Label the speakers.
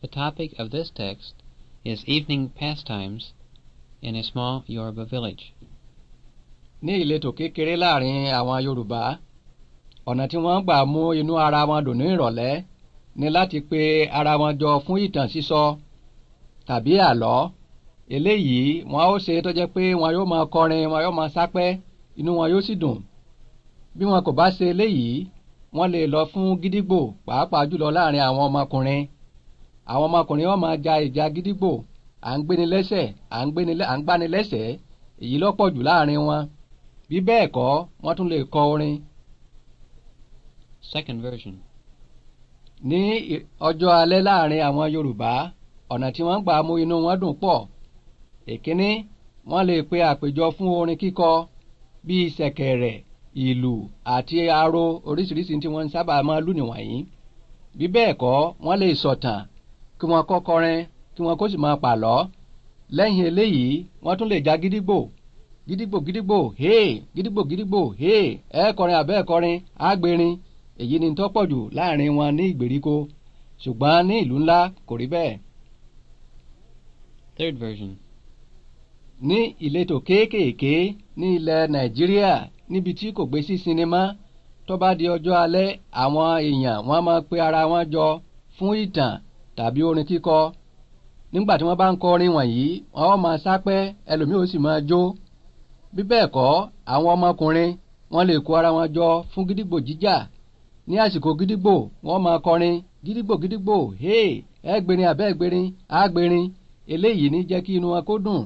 Speaker 1: The topic of this text is evening pastimes in a small Yoruba village. Ní ìletò kékeré láàrin àwọn Yorùbá, ọ̀nà tí wọ́n gbà mú inú ara wọn dùn ní ìrọ̀lẹ́ ni láti pe ara wọn jọ fún ìtàn sísọ tàbí àlọ́. Eléyìí wọn ó ṣe tó jẹ́ pé wọn yóò máa kọrin, wọn yóò máa sápẹ́, inú wọn yóò sì dùn. Bí wọn kò bá ṣe eléyìí, wọ́n lè lọ fún gídígbò pàápàá jùlọ láàrin àwọn ọmọkùnrin àwọn ọmọkùnrin wọn máa ja ìjà gídígbò à ń gbéni lẹ́sẹ̀ à ń gbéni à ń gbani lẹ́sẹ̀ èyí lọ́pọ̀ jù láàrin wọn bí bẹ́ẹ̀ kọ́ wọ́n tún lè kọ orin. second version. ní ọjọ́ alẹ́ láàrin àwọn Yorùbá ọ̀nà tí wọ́n ń gbà mú inú wọn dùn pọ̀ èkíní wọ́n lè pe àpèjọ fún orin kíkọ bíi ṣẹ̀kẹ̀rẹ̀ ìlù àti aro oríṣiríṣi tí wọ́n sábà máa lù nìwọ̀nyí bí bẹ́ẹ̀ kọ́ wọ́n lè sọ̀tàn kí wọ́n kọ́ kọrin kí wọ́n kó sì máa pàlọ́ lẹ́yìn eléyìí wọ́n tún lè já gídígbò gídígbò gídígbò hee gídígbò gídígbò hee ẹ kọrin àbẹ́ kọrin ágbérin èyí ni tó pọ̀ jù láàrin wọn ní ìgbèríko ṣùgbọ́n ní ìlú ńlá kò rí bẹ́ẹ̀. Third version. ní ìletò kéékèèké ní ilẹ̀ nàìjíríà níbi tí kò gbé sí sinimá tó bá di ọjọ́ alẹ́ àwọn èèyàn wọ́n máa pe ara wọn jọ fún ìtàn tàbí orin kíkọ nígbà tí wọ́n bá ń kọ orin wọ̀nyí wọ́n ó máa sápẹ́ ẹlòmíì ó sì máa jó bí bẹ́ẹ̀ kọ́ àwọn ọmọkùnrin wọ́n lè kó ara wọn jọ fún gídígbò jíjà ní àsìkò gídígbò wọ́n máa kọrin gídígbò